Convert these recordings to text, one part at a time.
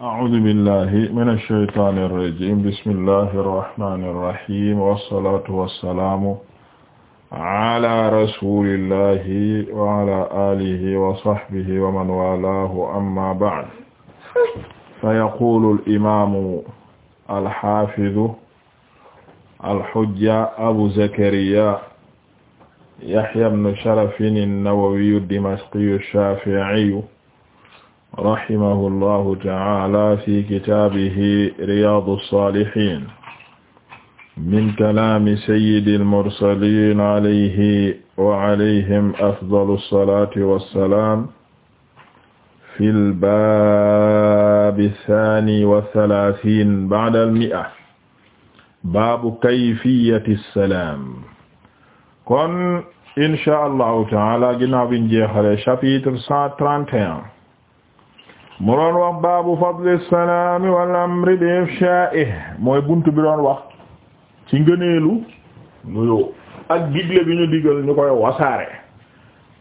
أعوذ بالله من الشيطان الرجيم بسم الله الرحمن الرحيم والصلاة والسلام على رسول الله وعلى آله وصحبه ومن والاه أما بعد فيقول الإمام الحافظ الحجة أبو زكريا يحيى بن شرف النووي الدمشقي الشافعي rahimahullahu ta'ala fi kitaabihi riyaadu saalihiin min kalaami sayyidil mursaliin alayhi wa alayhim afdalu salaati wa salaam fil baabi saani wa salaasiin ba'dal mi'a baabu kayfiyati salaam kon incha allahu ta'ala ginnaaw bi ñu jeexalee chapitre cent trente et un mu doon wax baabu fadli salaami wal amri bi ifshaa'ihi mooy bunt bi doon wax ci ngëneelu nuyoo ak digle bi ñu digal ñu koy wasaare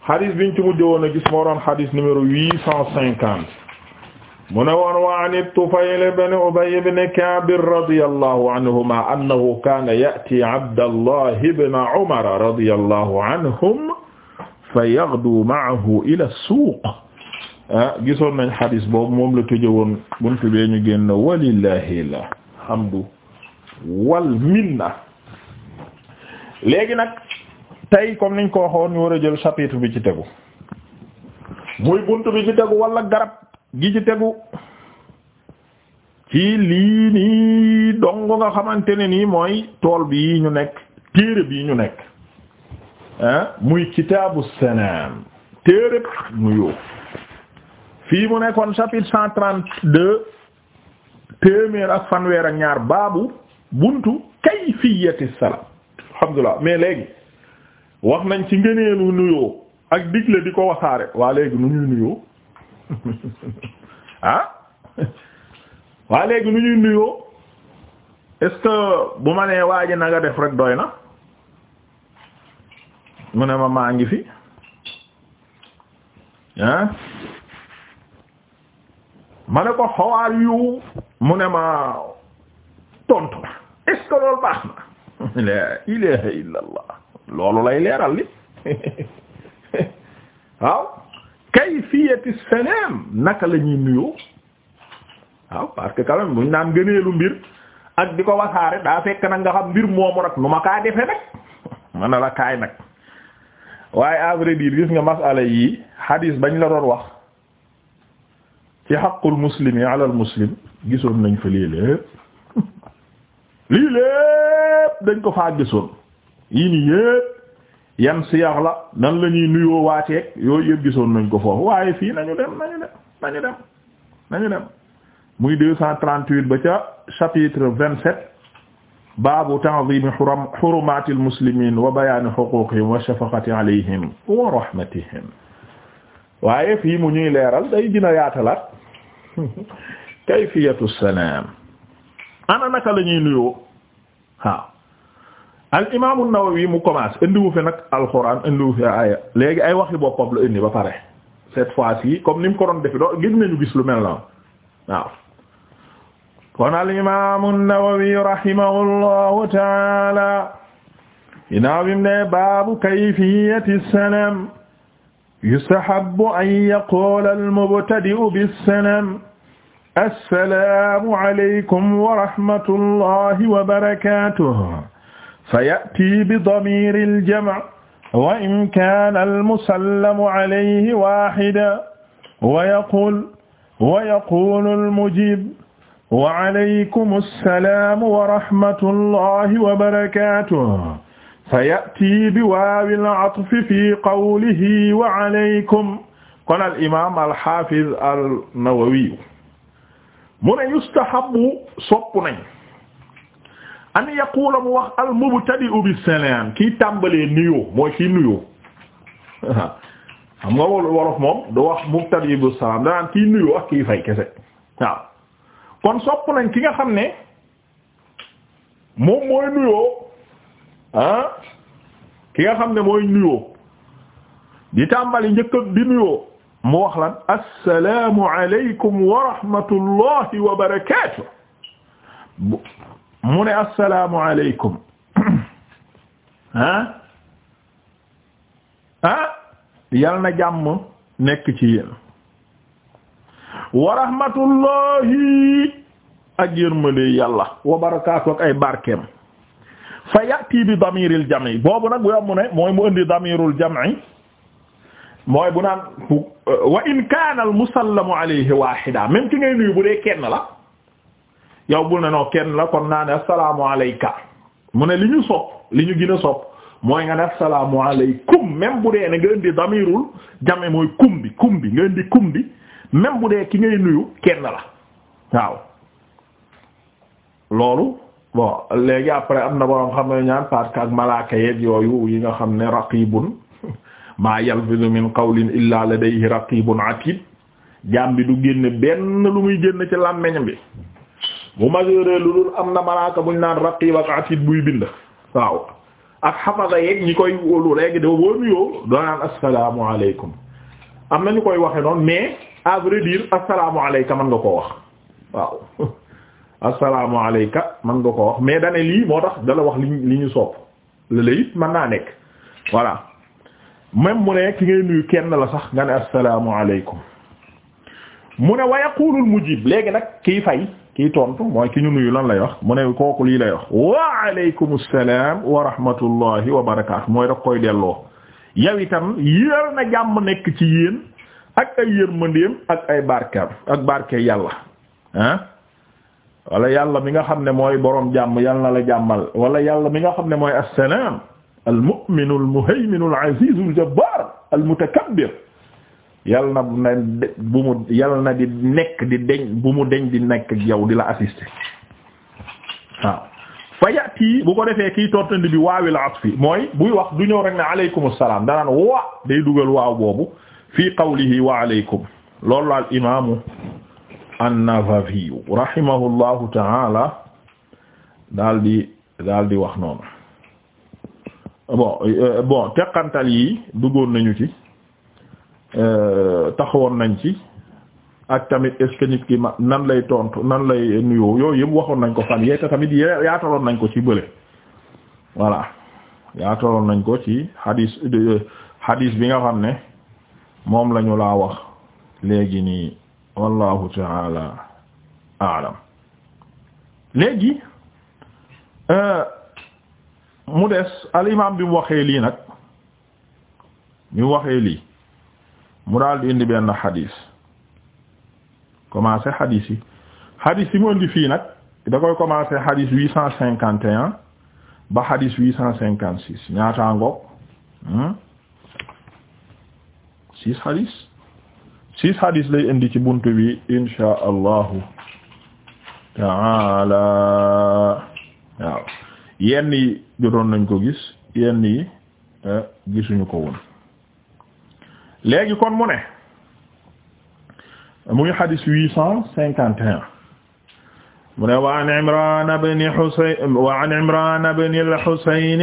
xadis biñ ci mujj woon a gis moo doon xadis numéro huit cent cinquante mu ne woon wa an Tufayl ibn Ubay ibn Ka'b radiyallahu anhuma annahu kaana ya'ti Abdallah ibn Umar radiyallahu anhum fa yaghdu ma'ahu ila suuq Ah, gisoon nañ xadis boobu moom la tëje woon buntu bee ñu génn walillahi alhamdu wal minna léegi nag tey comme niñ ko waxoon ñu war a jël chapitre bi ci tegu muy buntu bi ci tegu wala garab gi ci tegu ci lii nii dong nga xamante ne nii mooy tool bii ñu nekk téere bii ñu nekk ah muy kitaabu salaam téere nuyoo. fii mu nekkoon chapitre cent trente-deux téeméer ak fanweer ak ñaar baabu buntu kayfiyati salaam alhamdulilah mais léegi wax nañ ci ngëneelu nuyoo ak digle di ko wasaare waa léegi nu ñuy nuyoo ah waa léegi nu ñuy nuyoo est-ce que bu ma nee waa ji na nga def rek doy na mu ne ma maa ngi fi ah mane ne ko how are mu ne ma tontu est ce loolu baax na la ilaha illa loolu lay leeral li waaw kayfiyati salam naka la ñuy nuyoo waaw parce que quand même buñ naan gëneelu mbir ak di ko wasaare daa fekk nag nga xam mbir moomu nag nu ma kaa defee nag mën na la kaay nag waaye à vrai dire gis nga masala yi hadis bañ la doon wax ci xaqul muslim yi alal muslim gisoon nañ fa lii lépp lii lépp dañ ko faa gisoon yii nii yépp yan siyax la nan la ñuy nuyoo waateeg yooyu yëpp gisoon nañ ko foofu waaye fii nañu dem nañu dem nañu dem nañu dem muy deux cent trente-huit ba ca chapitre vingt-sept baabu ta'zim xurum xurumatil muslimin wa bayaani xuquqihim wa shafaqati alayhim wa rahmatihim waaye fii mu ñuy leeral day dina yaatalaat kayfiyatu salaam ana naka la ñuy nuyoo waaw al imaam an-Nawawi mu commence indiwu fi nag alxuraan indiwu fi aaya léegi ay waxi boppam la indi ba pare cette fois-ci comme ni mu ko doon defi doo gis nañu gis lu mel noonu waaw kon al imaam an-Nawawi rahimahullahu taala inaa wim ne baabu kayfiyati salaam yustahabbu an yaqula al-mubtadi'u bis-salaam assalaamu aleykum wa rahmatullahi wa barakaatuh faya'tii bidamiiri al-jam'i wa in kaana al-musallamu alayhi waahidan wa yaquulu wa yaquulu al-mujiib wa alaykum as-salaamu wa rahmatullahi wa barakaatuh fayatii bi waawil atfi fi qawlihi wa alaykum kon al imaam al xaafiz al nawawi mu ne yustahabu soppu nañ an yaqula al mubtadi'u bi salaam kii tàmbalee nuyoo mooy kii nuyoo xam nga wolof moom du ki nga xam ne moom mooy nuyoo. ah ki nga xam ne mooy nuyoo di tàmbali njëkk bi nuyoo mu wax lan assalaamu aleykum wa rahmatullahi mu ne assalaamu aleykum ah ah yal na jàmm nekk ci yéen wa rahmatullahi ak yërmande yàlla wa ak ay barkeem fa yati bi damiril jam'i boobu nag bu yomb ne mooy mu indi damirul jam'i mooy bu naan wa in kaana al musallamu alayhi wahida ki ngay nuyu bu dee kenn la yow bul ne noo kenn la kon naa ne assalaamu mu ne li ñu sopp li ñu gën a sopp mooy nga ne assalaamu alaykum même bu dee ne nga indi damirul jam'i mooy kum bi nga indi kum bi même bu dee ki ngay nuyu kenn la waaw loolu bon léegi après am na borom xam ne ñaan parce que ak malaaka yeeg yooyu yi nga xam ne raqibun maa yalfizu min qawlin illa ladayhi raqibun atid jaam bi du génne benn lu muy génn ci làmmeñam bi bu majeure lu dul am na malaaka buñ naan raqib ak atid buy bind waaw ak xafada yeeg ñi koy wóolu léegi da boo nuyoo doonaan assalaamu alaykum am na ñu koy waxe noonu mais à vrai dire assalaamu alayka man nga koo wax waaw assalaamu alayka man nga ko wax mais dane lii moo tax dala wax li li ñu sopp la it mën naa nekk voilà même mu ne ki ngay nuyu kenn la sax nga ne assalaamu alaykum mu ne wa yaqulul mujib léegi nag kii fay kii tontu mooy ki ñu nuyu lan lay wax mu ne kooku lii lay wax wa alaykum assalaam wa rahmatullahi mooy daf koy delloo yow itam yéer na jàmm nekk ci yéen ak ay yërmandeem ak ay barkeem ak barke yàlla ah wala yàlla mi nga xam ne mooy boroom jàmm yàlla na la jàmmal wala yàlla mi nga xam ne mooy assalaam almu'minu almuhayminu alazizu aljabbar almutakabbir yàlla na bu mu yàlla na di nekk di deñ bu mu deñ di nekk ak yow di la assister waaw fa yati bu ko defee kii tortandi bi waawil atfi mooy buy wax du ñëw rek ne aleykum assalaam danaan wa day dugal waaw boobu fii qawlihi wa aleykum loolu la al imaamu an-Nawawi rahimahullahu ta'ala daal di daal di wax noonu bon euh, bon teqantal yi duggoon nañu ci euh, taxawoon nañ ci ak tamit est-ce que nan lay tontu nan lay nuyoo yooyu yëpp waxoon nañ ko fan yee te tamit yaataloon nañ ko ci bële voilà yaataloon nañ ko ci hadis euh, hadis bi nga xam ne moom lañu laa wax léegi nii wallahu taala alam léegi euh, mu des al imam bi mu waxee lii nag bi mu waxee lii mu daal di indi benn xadis commencé xadis yi xadis yi mu indi fii nag da koy commencé xadis huit cent cinquante et ba xadis huit cent cinquante six ñaataangoog hmm? six xadis six hadis lay indi ci buntu bi insha allahu taala waaw yenn yi jotoon nañ ko gis yenn eh, gisuñu ko woon kon mu ne muy hadis huit cent cinquante et wa an Imran ibn Husayn wa an Imran ibn al-Husayn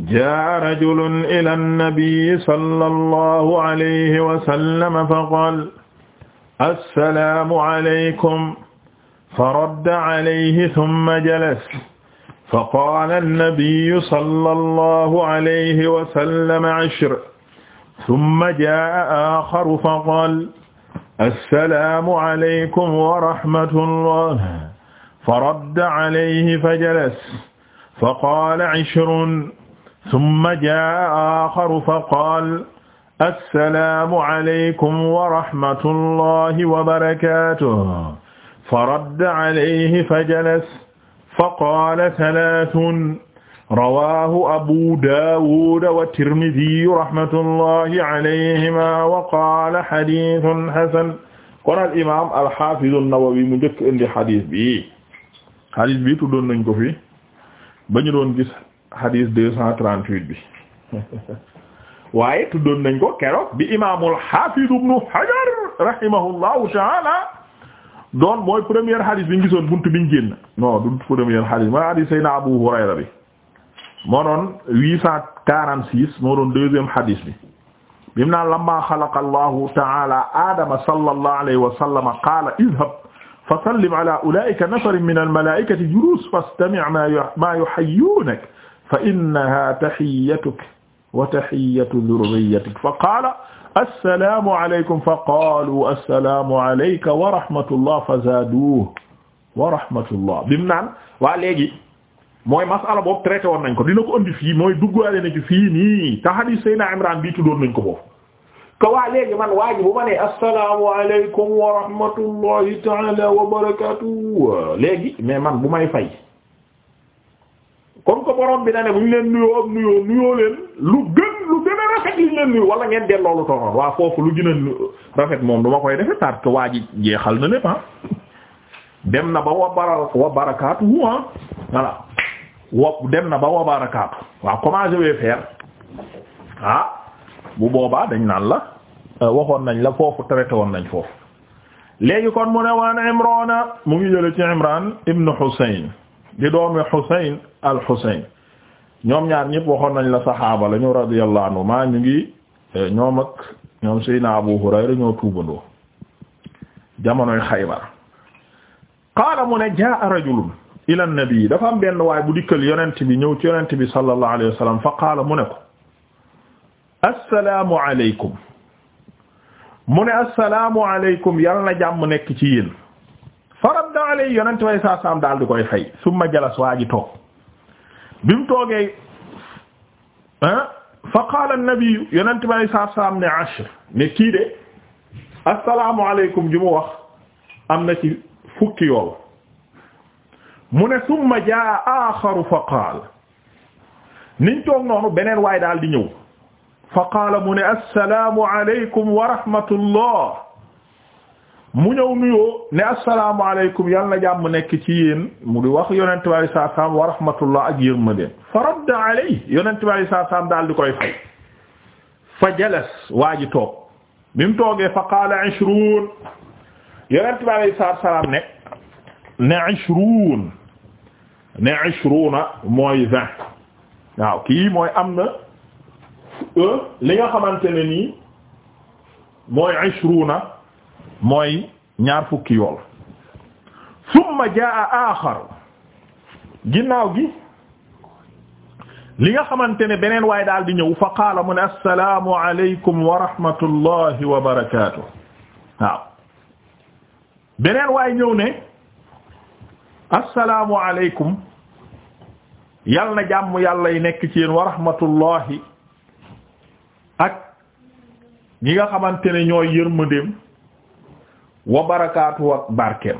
jaa rajulun ila nnabiyi sallallahu alayhi wa sallam faqaala assalaamu alaykum faradda alayhi thumma jalasa faqaala nnabiyu sallallahu alayhi wa sallam ashr thumma jaa aaxaru faqaala assalaamu alaykum wa rahmatullah faradda alayhi fajalasa faqaala ishrun summa jaa axaru fa qaal assalaamu aleykum wa rahmatullahi wa barakaatuh fa radda alayhi fa jalas fa qaala talaatun rawaahu abu daawuud wa tirmiziyu rahmatullahi alayhimaa wa qaala hadiisun hasan kon al imaam al haafiz an-Nawawi mu njëkk indi hadis bi hadis bi tuddoon nañ ko fi ba ñu doon gis hadis deux cent trente-huit bi waaye tuddoon nañ ko keroog bi imaamul hafiz ibnu hajar rahimahullahu taala doon mooy première hadis bi ñu gisoon buntu bi ñu génn non du première hadis mooy hadis sayna abu hurayra bi moo doon huit cent quarante-six moo doon deuxième hadis bi bi mu naan lamma xalaqa allahu taala adama sallallahu alayhi wa sallam qaala idhab fa sallim ala ulaa'ika nafarin min al malaa'ikati julus fastami' ma yuhayyunak fa innaha tahiyatuk wa tahiyatu dhurriyyatik fa qaala assalaamu alaykum fa qaalu assalaamu alayka wa rahmatullah fa zaaduuhu wa rahmatullah bim naan waa léegi mooy masala boobu traité woon nañ ko dina ko andi fii mooy duggaale na ci fii nii te hadith Seydina Imran bii tuddoon nañ ko foofu que waa léegi man waa ji bu ma nee assalaamu alaykum wa rahmatullahi ta'ala wa barakatuh léegi mais man bu may fay comme que borom bi na ne bu ñu leen nuyoo am nuyoo nuyoo leen lu gën lu gën a rafet li ñu leen nuyu wala ngeen delloo lu toonoon lu gën a moom du ma koy defe parce waa ji jeexal na lépp ah dem na ba wa bara wa barakaatu ah dem na ba wa barakaatu waaw comment je ah bu boobaa dañ naan la euh, waxoon nañ la foofu traité woon nañ foofu léegi kon mu ne waan Imrana mu ngi jële ci Imran ibn Husayn di doomi Xuseyn al Xuseyn ñoom ñaar ñëpp waxoon nañ la saxaaba la ñu radiyallahu anhu maa ñu ngi eh, ñoom ak ñoom Seydina Abu Hurayra ñoo tuubandoo jamonoy Xaybar qaala mu jaa rajulun ila nabi dafa am waay bu dikkal yonent bi ñëw ci yonent bi sallallahu alayhi wa sallam fa qaala mu ne ko assalaamu alaykum mu ne alaykum yal na jàmm nekk ci farab daa lay yonent way saa daal di koy fay summa jalas waa ji toog bi mu toogee ah, fa qaala an-nabi ne ashr ne kii de assalaamu alaykum am na ci fukki yool mu ne summa jaa aaxaru fa qaal niñ toog noonu beneen waay daal di ñëw fa qaala mu ne assalaamu mu ñëw nuyoo ne asalaamaaleykum yal na jàmm nekk ci yéen mu di wax yonent bi alayhi salaatu salaam wa rahmatullah ak yërmande fa radda alayhi yonent bi alayhi salaatu salaam daal di koy fay fa jalas waa ji toog bi mu toogee fa qaala ishruun yonent bi alayhi salaatu salaam ne ne ishruun ne ishruuna mooy vingt waaw kii mooy am na euh, li nga xamante ne nii mooy ishruuna mooy ñaar fukki yool summa jaa aaxar ginnaaw gi li nga xamante ne beneen waay daal di ñëw fa qaala mu ne assalaamu aleykum wa rahmatullahi wa barakaatuh beneen waaye ñëw ne assalaamu aleykum yal na jàmm yàlla nekk ci yéen wa rahmatullahi ak ñi nga xamante ne ñooy yërmandeem wa barakaatu ak barkeem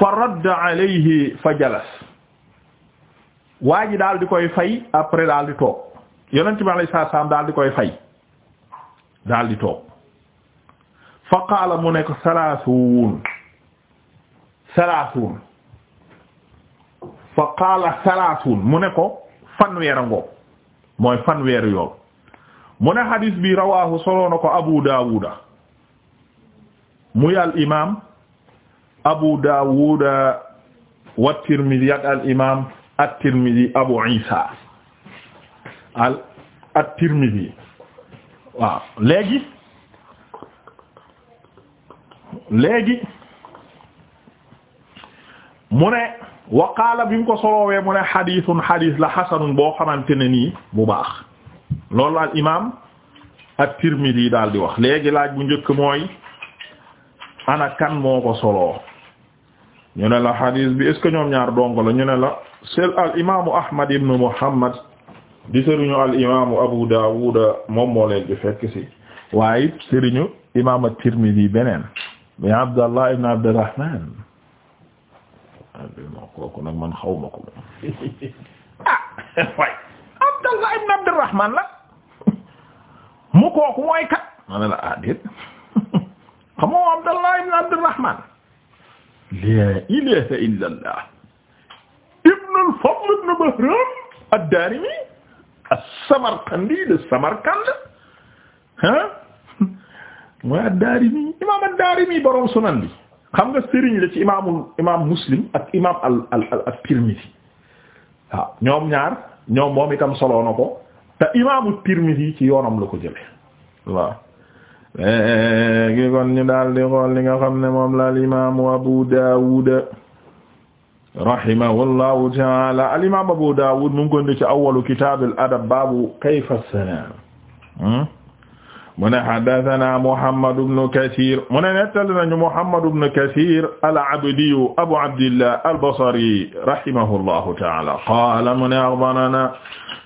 fa radda alayhi fa jalas waa daal di koy fay après daal di toog yonent bi alayhi salaam daal di koy fay daal di toog fa qaala mu ne ko salaasuun salaasuun fa qaala salaasuun mu ne ko fanweer a ngoo mooy fanweer yool mu ne xadiis bi rawaahu soloona ko abu daawuda muy al imaam Abu Dawud wa Tirmidhi ak al imaam at-Tirmidhi Abu Isa al at-Tirmidhi waaw léegi léegi mu ne waqaala bi mu ko soloowee mu ne la xasanun boo xamante ne nii bu baax loolu al imaam at-Tirmidhi daal di wax léegi laaj bu njëkk mooy. ana kan moo ko soloo ñu ne la hadis bi est ce ñoom ñaar dongo la ñu ne la sel al imaamu ahmad ibnu muhammad di sëriñu al imaamu abu daawuda moom leen di fekk si waaye it sëriñu imaam at-tirmidhi beneen bi abdallah ibnu abdurrahman kooku ibnu ah, abdurrahman la mu kooku mooy kat ma ne la ah xamoo Abdallah ibn Abdurrahman la allah ibn al-Fadl ibn Bahram ad-Darimi Samarqand ah mooy ad-Darimi imam ad-Darimi borom sunan xam nga sëriñ ci imaamul imaam Muslim ak imaam al al al at-Tirmidhi waaw ñoom ñaar ñoom moom itam solo na ko te imaamu ci yoonam la ko jële léegi kon ñu daal di xool li nga xam ne moom la alimaamu Abu Dawud rahimahullahu taala alimaamu Abu Dawud mu ngi koy indi ci awwalu kitaabil adab baabu kayfa salaam hmm? mu ne haddathana Muhammad ibn Kathir mu ne nettali nañu Muhammad ibn Kathir al-Abdi Abu Abdillah al-Basri rahimahullahu taala qaala mu ne akhbarana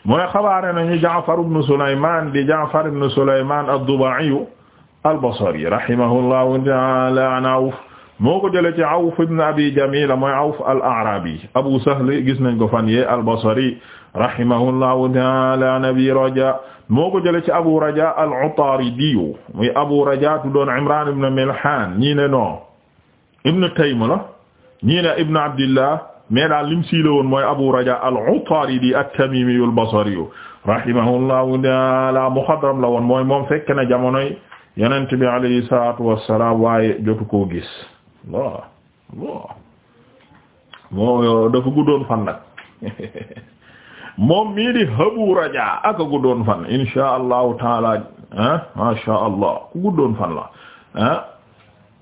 mu ne xabaare nañu Ja'far ibn Sulaymaan di Ja'far ibn Sulaymaan ad-Duba'i al-Basri rahimahullahu ta'ala an Awf moo ko jëlee ci Awf ibn Abi Jamila mooy Awf al-A'rabi Abu Sahl gis nañ ko fan yee al-Basri rahimahullahu ta'ala an Abi Raja moo ko jëlee ci Abu Raja al-Utaridi muy Abu Raja tuddoon Imran ibn Milhan ñii ne non ibn Taym la ñii ne ibn Abdillah mais daal lim siile woon mooy Abu Raja al-Utaridi at-Tamimi al-Basri rahimahullahu ta'ala muxadram la woon mooy moom fekk na jamonoy yonent bi alayhi salaatu wassalaam waaye jotu koo gis waaw waaw moo dafa guddoon fan nag moom mii di habu rajaa ak a guddoon fan insha allahu taala ah masha allah ku guddoon fan la ah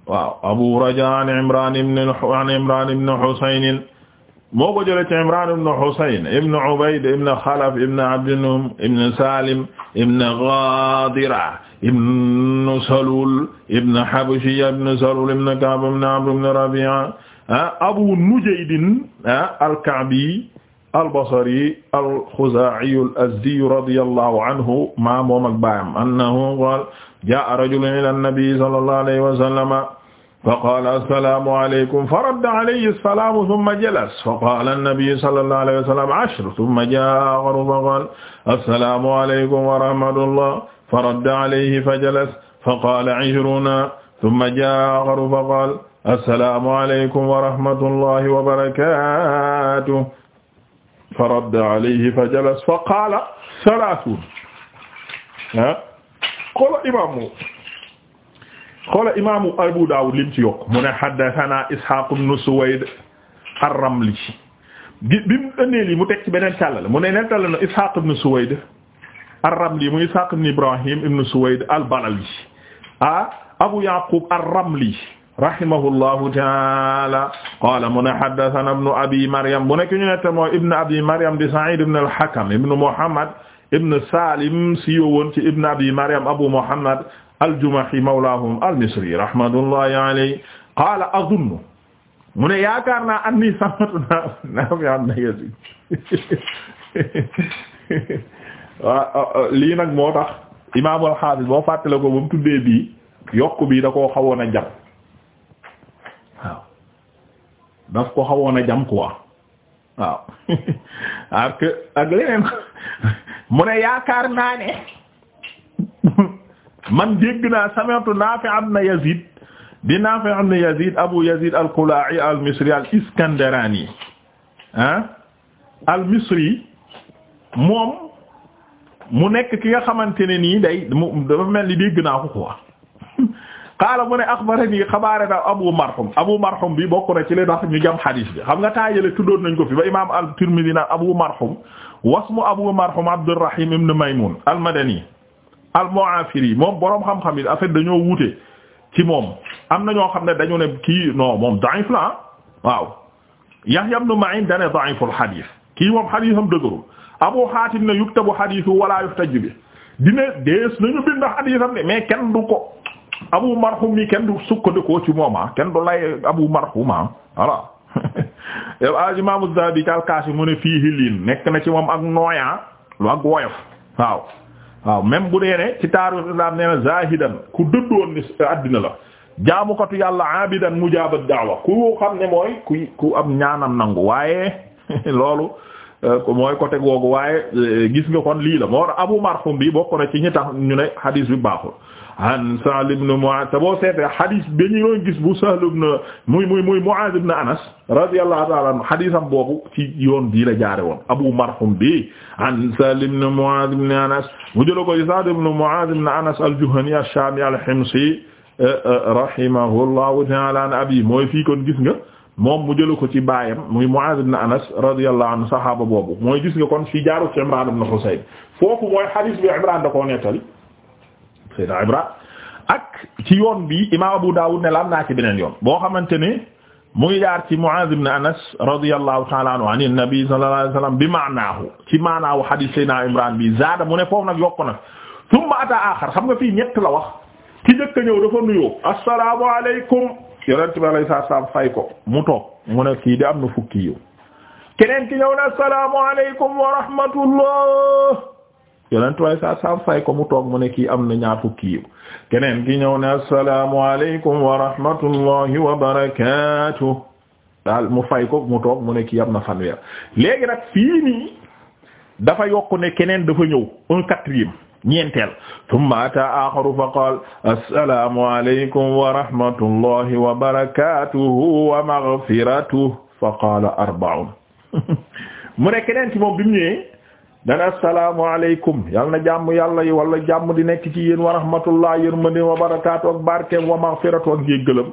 waaw abu rajaa an imran ibn an imran ibn husayn moo ko jëlee ci Imran ibn Husayn ibn Ubayd ibn Khalaf ibn Abd Num ibn Salim ibn Ghadira ibn Salul ibn Habshi ibn Salul ibn Ka'b ibn Amr ibn Rabi'a Abu Nujayd al-Ka'bi al-Basri al-Khuza'i al-Azdi radiyallahu anhu ma moom ak baayam annahu qala jaa'a rajulun ila an-nabi sallallahu alayhi wa sallama fa qaala assalaamu aleykum fa radda alayhi assalaamu summa jalasa fa qaala annabiyu sallallahu alayhi wa sallam ashr summa jaa'a aaxaru fa qaala assalaamu aleykum wa rahmatullah fa radda alayhi fa jalasa fa qaala ishruuna summa jaa'a aaxaru fa qaala assalaamu aleykum wa rahmatullahi wa barakaatuh fa radda alayhi fa jalasa fa qaala salaasuun ha qaala imaamu xoola imaamu Abu Dawud lim ci yokk mu ne haddathana Ishaq ibn Suwayd ar-Ramli bi mu ënnee lii mu teg ci beneen càllale mu ne neen tàllal na Ishaq ibn Suwayd ar-Ramli mu Ishaq ibn Ibrahim ibn Suwayd al-Balawi ah Abu Yaqub ar-Ramli rahimahullahu taala qala mu ne haddathana ibn Abi Maryam bu nekk ñu nette moo ibn Abi Maryam di Sa'id ibn al-Hakam ibn Muhammad ibn Salim si yowoon ci ibn Abi Maryam Abu Muhammad aljumahi mawlaahum almisri rahmatullahi alayhi qaala azunnu mu ne yaakaar naa an samatu naa naam yaa na Yaziid waaw oh, oh, lii nag moo tax imaam al-Haafiz boo fàttale ko ba mu tuddee bi da koo xawoon a jam waaw daf ko xawoon a jam quoi waaw mu ne yaakaar naa ne man dégg naa sami'tu Naafi' ibn Yazid di Naafi' ibn Yazid Abu Yazid al-Qulaa'i al-Misri al-Iskandaraani ah, al-Misri moom mu nekk ki nga xamante ne nii day mu dafa mel ni dégg naa ko quoi qaala mu ne axbarani xabaare na Abu Marhum Abu Marhum bi bokk na ci li tax ñu jam xadiis bi xam nga taayale tuddoon nañ ko fi ba imaam al-Tirmidhi naan Abu Marhum wasmu Abu Marhum Abdurrahim ibn Maymun al-Madani al-Mu'afiri moom boroom xam-xam yi affaire dañoo wuute ci moom am na ñoo xam ne dañu ne kii noo moom da'if la ah waaw Yahya ibn Ma'in dane da'iful hadith kii moom haditham dëgërul Abu Hatim ne yuktabu hadithu wala yuhtaju bi dina dees nañu bind haditham ne mais kenn du ko Abu Marhum yi kenn du sukkandikoo ci moom ah, kenn du lay Abu Marhum ah, voilà yow al imam Az-Zahabi ci al-Kaashif mu ne fiihi liin nekk na ci moom ak nooya lu ak woyof waaw waaw même bu dee ne ci taarix islam nee na zahidan ku dëddoon ni addina la jaamukatu yàlla abidan mujaaba da'wa ku xam ne mooy ku ku am ñaanam nangu waaye loolu euh, mooy côté googu waaye euh, gis nga kon lii la moo abu marhum bi bokk na ci ñu tax ñu ne hadis bi baaxul an Sahl ibn Mu'adh te boo seetee hadith bi ñu doon gis bu Sahl ibn muy muy muy Mu'adh ibn Anas radiyallahu ta'ala anhu haditham boobu ci yoon bii la jaare woon Abu Marhum bi an Sahl ibn Mu'adh ibn Anas mu jëla ko Sahl ibn Mu'adh ibn Anas al-Juhani ash-Shami al-Himsi eh, eh, rahimahullahu ta'ala an abi mooy fii kon gis nga moom mu jëla ko ci baayam muy Mu'adh ibn Anas radiyallahu anhu sahaaba boobu mooy gis nga kon fii jaaru ci Imran ibn Husayn foofu mooy hadith bi Imran da koo nettali Seydina Ibra ak ci yoon bi imaam Abu Dawud ne la am naa ci beneen yoon boo xamante mu ngi jaar ci Muaz ibn Anas radiyallahu ta'ala anhu an nabi sallallahu bi maanaahu ci maanaahu hadith a Imran bi zaada mu ne foofu nag yokku nag thumma ata axar xam nga fii ñett la wax ki njëkk a ñëw dafa nuyoo assalaamu alaykum yonent bi alayhi salaam fay ko mu toog mu ne kii di am na fukki yow keneen ki yonent way saa fay ko mu toog mu ne kii am na ñaar fukki yiw keneen ki ñëw ne assalaamu alaykum wa rahmatullahi wa barakaatu daal mu fay ko mu toog mu ne kii am na fanweer léegi nag fii dafa yokku ne keneen dafa ñëw un quatrième ñeenteel tumma ata axaru fa qaal assalaamu alaykum wa rahmatullahi wa barakatuhu fa qaala arba'un mu ne keneen ci moom bi dana assalaamu aleykum yal na jàmm yàlla yi wala jàmm di nekk ci yéen wa rahmatullah yërmande wa barakaatu ak barkeem wa maghfiratu ak njéggalam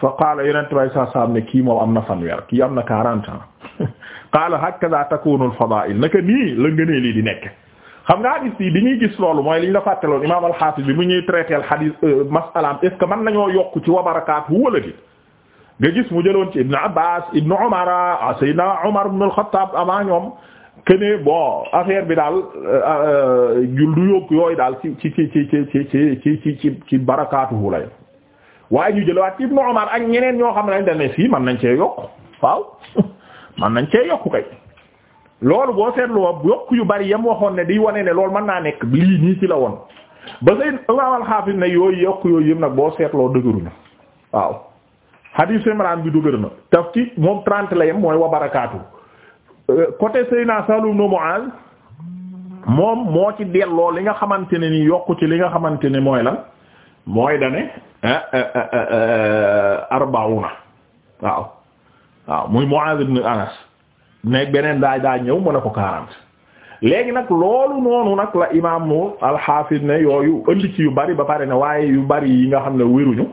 fa qaala yonent bay saa saam ne kii moom am na fanweer kii am na quarante ans qaala hakaza takunu al-fadaa'il naka nii la ngënee lii di nekk xam nga hadis yi bi ñuy gis loolu mooy li ñu la fàtteloon imaam al bi mu ñuy traité hadis euh, masalaam est ce que mën nañoo yokk ci wa barakaatu wala di nga gis mu jëloon ci Ibn Abbas Ibn Umar ah, Seydina Umar ibn al-Khattab ñoom que ne bon affaire bi daal jul du yokk yooyu daal ci ci ci ci ci ci ci ci ci ci barakaatuhu lay waaye ñu jëlawaat Ibnu Umar ak ñeneen ñoo xam ne dañ ne fii mën nañ cee yokk waaw mën nañ cee yokk kay loolu boo seetlu wa yokk yu bari yam waxoon ne di wane ne lool mën naa nekk bi lii nii ci la woon ba say imaam al-Hafiz ne yooyu yokk yooyu yëpp nag boo seetloo dëgëruñu waaw hadith Imran bi dëgër na taf ci moom trente la yem mooy wa barakaatu côté Seyna Saalum ibn Mu'aaz moom moo ci delloo li nga xamante ne nii yokk ci li nga xamante ne mooy lan mooy dane eh, eh, eh, arbauna waaw waaw muy Mu'aaz ibn Anas nekk beneen daay daa ñëw mu ne ko quarante léegi nag loolu noonu nag la imaamu alxaafis ne yooyu indi ci yu bari ba pare ne waaye yu bari yi nga xam ne wéruñu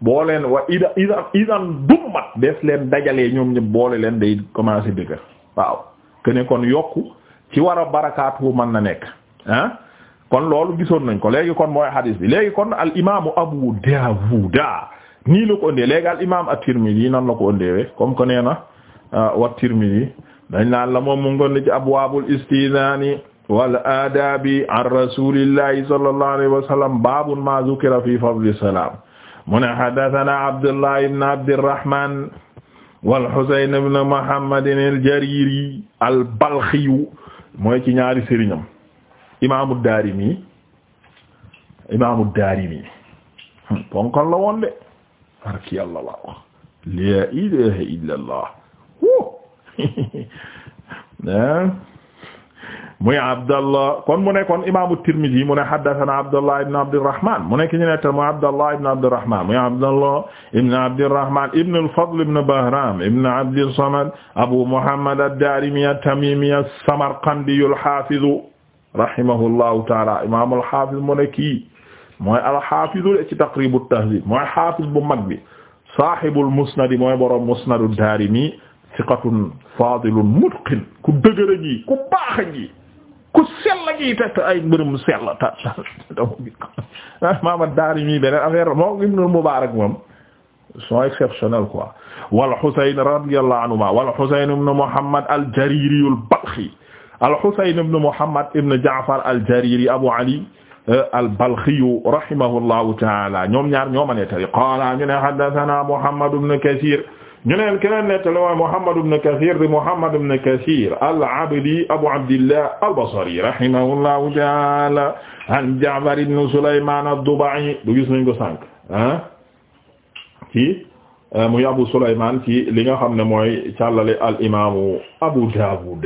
boo leen wa ida ida idan dummat des leen dajalee ñoom ñëpp boole leen day commencer dëgër ko kene kon yokku ci war a barakaatu man na nekk kon loolu gisoon nañ ko léegi kon mooy a bi léegi kon al imaamu Abu Daawuda nii la ko ëndee léegi al imaam at-Tirmidhi nan la ko ëndeewee comme que nee na ah, wa at-Tirmidhi dañ naan la moom mu ngoon ci abwaabul istizaani wal aadaabi an rasuulillahi sallallahu alayhi wa sallam baabun maa zukira fi fadli salaam mu ne haddathana Abdullah ibn Abdirrahman wal Husayn ibn Muhammad al-Jariri al-Balkhi mooy ci ñaari sëriñam imaamu Daarimi imaamu Daarimi ponkal la woon de barki Yàlla la wax laa ilaaha illallaah muy abdallah kon mu ne kon imaamu Tirmidhi mu ne haddathana abdallah ibn abdirahman mu ne ki ñu nettal muy abdallah ibn abdirahman muy abdallah ibn abdirahman ibn al-Fadl ibn Bahram ibn Abdis-Samad Abu Muhammad ad-Darimi at-Tamimi as-Samarqandi al-Hafiz rahimahullahu ta'ala imaam al-Hafiz mu ne kii mooy al-Hafiz ci Taqrib at-Tahdhib mooy hafiz bu mag bi sahibul musnad mooy borom musnad ad-Darimi thiqatun fadilun mutqin ku dëgër ji ku baax ji ku sell gi te ay mbërum sell ta ta ta maama daari mi beneen affaire moom Ibnul Mubaarak moom sont exceptionnels quoi wal Husayn radiyallahu anhuma wal Husayn ibn Muhammad al-Jariri al-Balkhi al Husayn ibn Muhammad ibn Ja'far al-Jariri Abu Ali euh, al-Balkhi rahimahullahu ta'ala ñoom ñaar ñoo ma nettali qaala ñu ne haddathana Muhammad ibn Kathir ñu neen keneen nettali mooy Muhammad ibn Kathir di Muhammad ibn Kathir al-Abdi Abu Abdillah al-Basri rahimahullahu ta'ala an Ja'far ibn Sulayman ad-Duba'i du gis nañ ko sànq ah ci eh, muy Abu Sulayman ci li nga xam ne mooy càllale al-imaamu Abu Dawud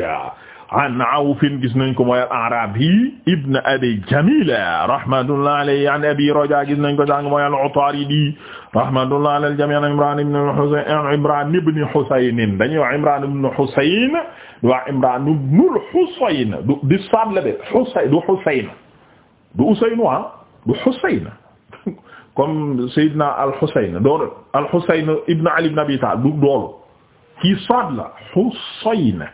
an awfin gis nañ ko mooy al-A'rabi ibn Abi Jamila rahmatullahi alayhi an Abi Raja gis nañ ko jàng mooy al-Utaridi rahmatullahi ala al-jami' an Imran ibn Husayn Imran ibn Husayn dañuy wax Imran ibn Husayn du wax Imran ibn al-Husayn du di saam la de Husayn du Husayn du Husayn wa ah, du Husayn comme Seydina al-Husayn doon al-Husayn ibn Ali ibn Abi Talib du doolu kii saad la Husayn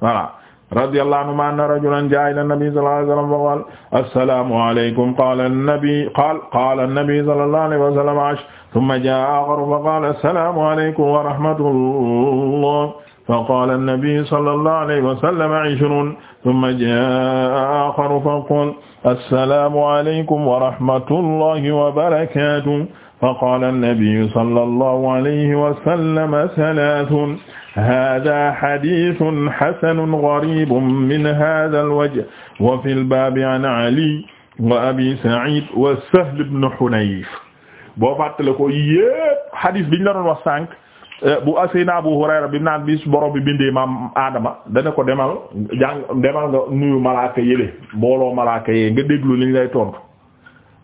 voilà radiyallahu anhu ma anna rajulan jaa'a ila nabi sallallahu alayhi wa sallam fa qaala assalamu alaykum qaala an-nabi qaala qaala an-nabi sallallahu alayhi wa sallam ash thumma jaa'a aakharu fa qaala assalamu alaykum wa rahmatullah fa qaala an-nabi sallallahu alayhi wa sallam ishruun thumma jaa'a aakharu fa qaala assalamu alaykum wa rahmatullahi wa barakaatuh فقال النبي صلى الله عليه وسلم ثلاث هذا حديث حسن غريب من هذا الوجه وفي الباب عن علي وأبي سعيد وسهل بن حنيف boo fàttale ko yépp xadis biñ la doon wax sànq eh, bu Seydina Abu Hurayra bi naan bis borom bi bindee maam Adama dana ko demal jàng demal nga nuyu malaaka yële mbooloo malaaka yee nga déglu liñ lay tontu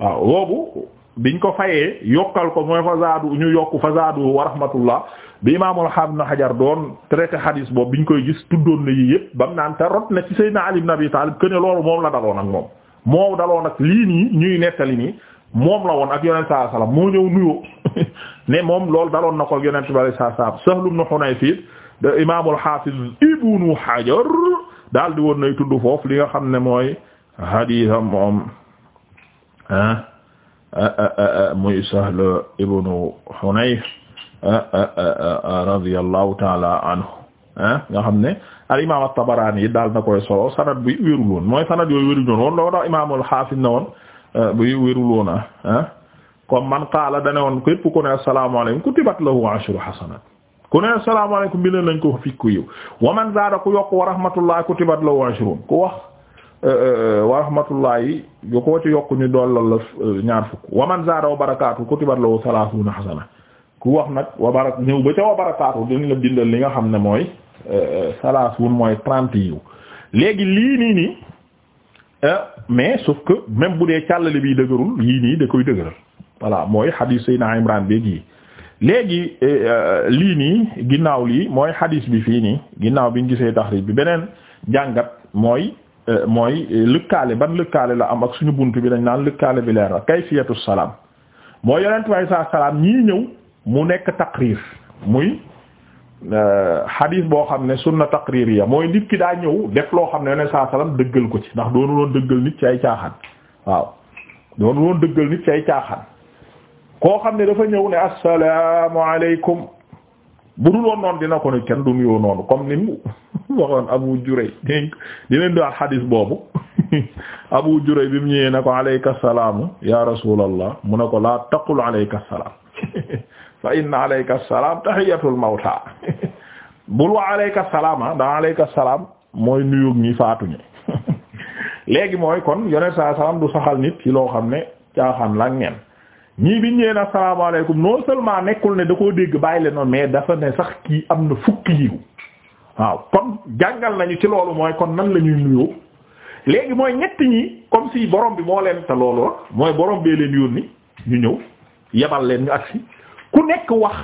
waaw biñ ko fayee yokkal ko mooy fa zaadu ñu yokk fa zaadu wa rahmatullah bi imaamul haam na xajar doon traité hadis boobu biñ koy gis tuddoon na yi ba bam naan te rot na ci na Ali ibn Abi Taalib que loolu moom la daloon ak moom moo daloon ak lii nii ñuy nettali nii moom la woon ak yonent saa moo ñëw nuyoo ne moom loolu daloon na ko ak yonent bi saa salaam Sahl ibn Hunayf de imaamul haafiz ibnu Hajar daal di woon nay tudd foofu li nga xam ne mooy hadisam moom ah. muy Sahl ibnu Hunayf radiyallahu taala anhu nga xam ne al imam at-Tabarani yi daal na koy solo sanad bi wérul woon mooy sanad yooyu wérul woon woon loo tax imaamul xaafis na woon bu wérul woon ah comme man qaala dane woon képp ku ne asalaamaaleykum kutibat lahu ashru hasanat ku ne asalaamaaleykum bi ne lañ ko fikku yiw wa man zaada ku yokk wa rahmatullah kutibat lahu ashrun ku wax Euh, euh, euh, wa rahmatullahi yu ko ci yokku ñu dollal la ñaar fukk wa man zaada wa barakaatu kutibat lahu salaasuuna xasana ku wax nag wa barak ñëw ba ca wa barakaatu dina la bindal li nga xam ne mooy salaasuun mooy trente yiw léegi lii nii nii mais sauf même bu dee càllale bi dëgërul yii nii da koy dëgëral voilà mooy xadiis Seydina Imran beeg léegi lii ginnaaw lii mooy xadiis bi fii nii ginnaaw bi ñu gisee taxriij bi beneen jàngat mooy Euh, mooy euh, lëkkaale ban lëkkaale la am ak suñu bunt bi dañ naan lëkkaale bi leer la kayfiyatu salaam mooy yonent bi saa salaam ñii ñëw mu nekk taqrir muy hadith euh, boo xam ne sunna taqririya mooy nit ki daa ñëw def loo xam ne yonent saa salaam dëggal ko ci ndax doonu loon dëggal nit ci ay caaxaan waaw doonu loon dëggal nit ci ay caaxaan koo xam ne dafa ñëw ne assalaamu alaykum bu dul woon noonu dina ko ne kenn du nuyoo noonu comme ni mu waxoon Abu Juray dégg di leen daal xadis boobu Abu Juray bi mu ñëwee ne ko alayka salaamu ya rasulallah mu ne ko laa taqul alayka salaam fa inna alayka salaam tahiyatul mawta bul wax alayka salaama ah daa alayka salaam mooy nuyoog ñi faatuñu léegi mooy kon yonent saa salaam du saxal nit ci loo xam ne caaxaan la ngeen ñii biñ ñëwee na salaamaaleykum non seulement nekkul ne da koo dégg bàyyi leen noonu mais dafa ne sax kii am na fukki yiw waaw kon jàngal nañu ci loolu mooy kon nan la ñuy nuyoo léegi mooy ñett ñi comme si borom bi moo leen te loolu mooy borom bee leen yónni ñu ñëw yebal leen ñu agsi ku nekk wax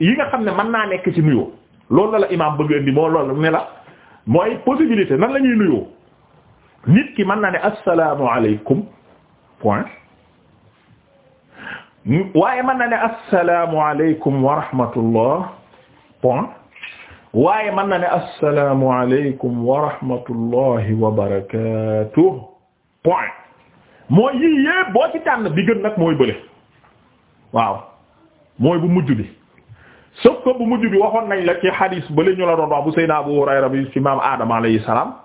yi nga xam ne mën naa nekk ci nuyoo loolu la la imaam bëgg indi moo loolu ne la mooy possibilité nan la ñuy nuyoo nit ki mën naa ne assalaamu alaykum point. waaye mën na ne assalaamu aleykum wa rahmatullah point waaye mën na ne assalaamu aleykum wa rahmatullahi wa barakatuh point mooy yii yépp boo ci bi gën nag mooy bële waaw mooy bu mujj bi sauf que bu mujj bi waxoon nañ ya ci xadiis bële ñu la doon wax bu Seydina Abu Hurayra bi ci maam Aadama alayhi salaam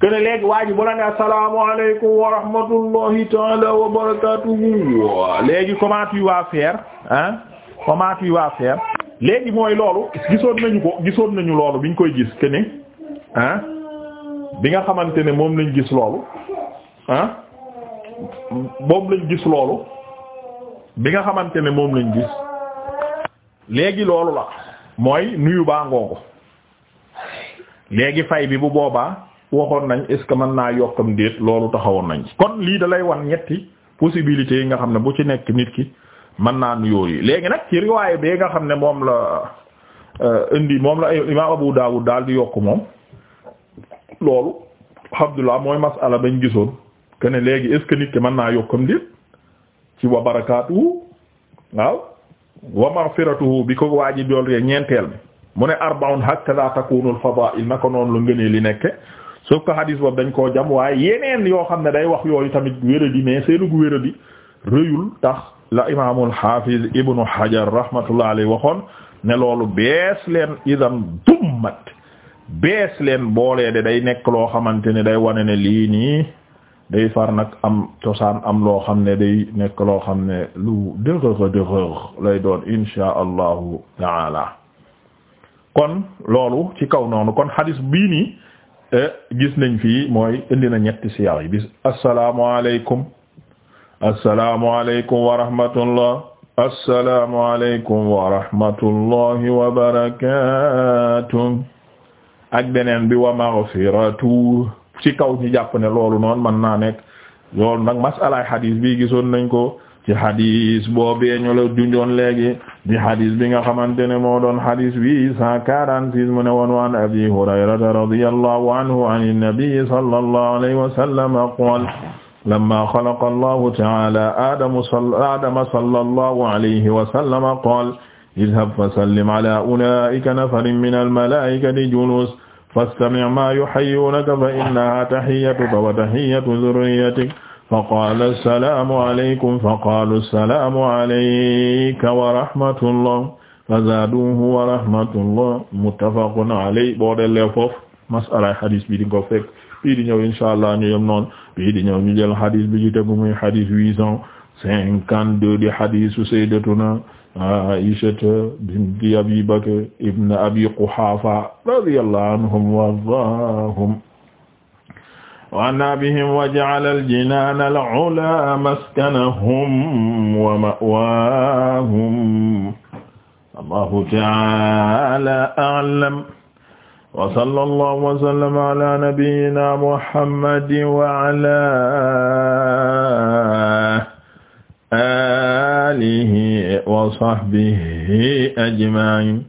kene léegi waa ji bu la ne assalaamu alaykum wa rahmatullahi ta'ala wa barakatuhu léegi comment tu vas faire hein comment tu vas faire léegi mooy loolu gisoon nañu ko gisoon nañu loolu biñ koy gis kene hein bi nga xamante ne moom lañu gis loolu hein moom lañ gis loolu bi nga xamante ne moom lañ gis léegi loolu la mooy nuyu baa ngoo léegi fay bi bu boobaa waxoon nañ est ce que man naa yokkam déet loolu taxawoon nañ kon lii da lay wan ñetti possibilités yi nga xam ne bu ci nekk nit ki man naa nuyoo yi léegi nag ci riwaay bi nga xam ne moom la euh, indi moom la imaam Abu Dawud daal di yokk moom loolu Abdullah mooy masala bañ gisoon que ne léegi est ce que nit ki man naa yokkam déet ci wa barakaatuhu waaw wa maghfiratuhu bi ko waajib yool rek ñeenteel bi mu ne arba'un hakka la takunu al naka noonu la ngënee li nekke sauf que boobu dañ koo jam waaye yeneen yoo xam ne day wax yooyu tamit wéradi mais seenugu wéradi rëyul tax la imaamul hafiz ibnu hajar rahmatullah alayhi waxoon ne loolu bees leen idan dummat bees leen boolee de day nekk loo xamante ne day wane ne lii nii day far nag am cosaan am loo xam ne day nekk loo xam ne lu dëgër dëgër lay doon insha allahu taala kon loolu ci kaw noonu kon hadis bii nii Eh, gis nañ fii mooy indi na ñetti siyaar yi bis asalaamaaleykum asalaamaaleykum wa rahmatullah asalaamaaleykum wa rahmatullahi wa barakaatu ak beneen bi wa maghfiratu ci kaw ci jàpp ne loolu noonu mën naa nekk loolu nag masalaay xadiis bi gisoon nañ ko ci hadis boobee ñu la junjoon léegi di hadis bi nga xamante ne moo doon hadis huit cent quarante-six mu ne woon waan abi hurayrata radiyallahu anhu an an-nabi sallallahu alayhi wa sallam qaala lamma xalaqa allahu ta'ala aadama aadama sallallahu alayhi wa sallam qaala idhab fasallim ala ulaa'ika nafarin min al-malaa'ikati julus fastami' ma yuhayyunaka fa innaha tahiyyatuka wa tahiyyatu dhurriyyatika faqaala salaamu aleykum faqaalu salaamu aleyka wa rahmatullah fa zaaduuhu wa rahmatullah muttafaqun aley boo dellee foofu masalaay xadis bi di nga ko fekk bii di ñëw inshaa Allah ñu yem noonu bii di ñëw ñu jël xadis bi ci tegu muy xadis huit cent cinquante-deux di xadisu sayyidatuna Aïcha binti Abi Bakr ibn Abi Quhaafa radiyallahu anhum wa ardaahum wa an abihim wa ja'ala al-jinaana al-'ulaa maskanahum wa ma'waahum allahu ta'aala a'lam wa sallallahu wa sallama ala nabiyyina muhammadin wa ala aalihi wa sahbihi ajma'iin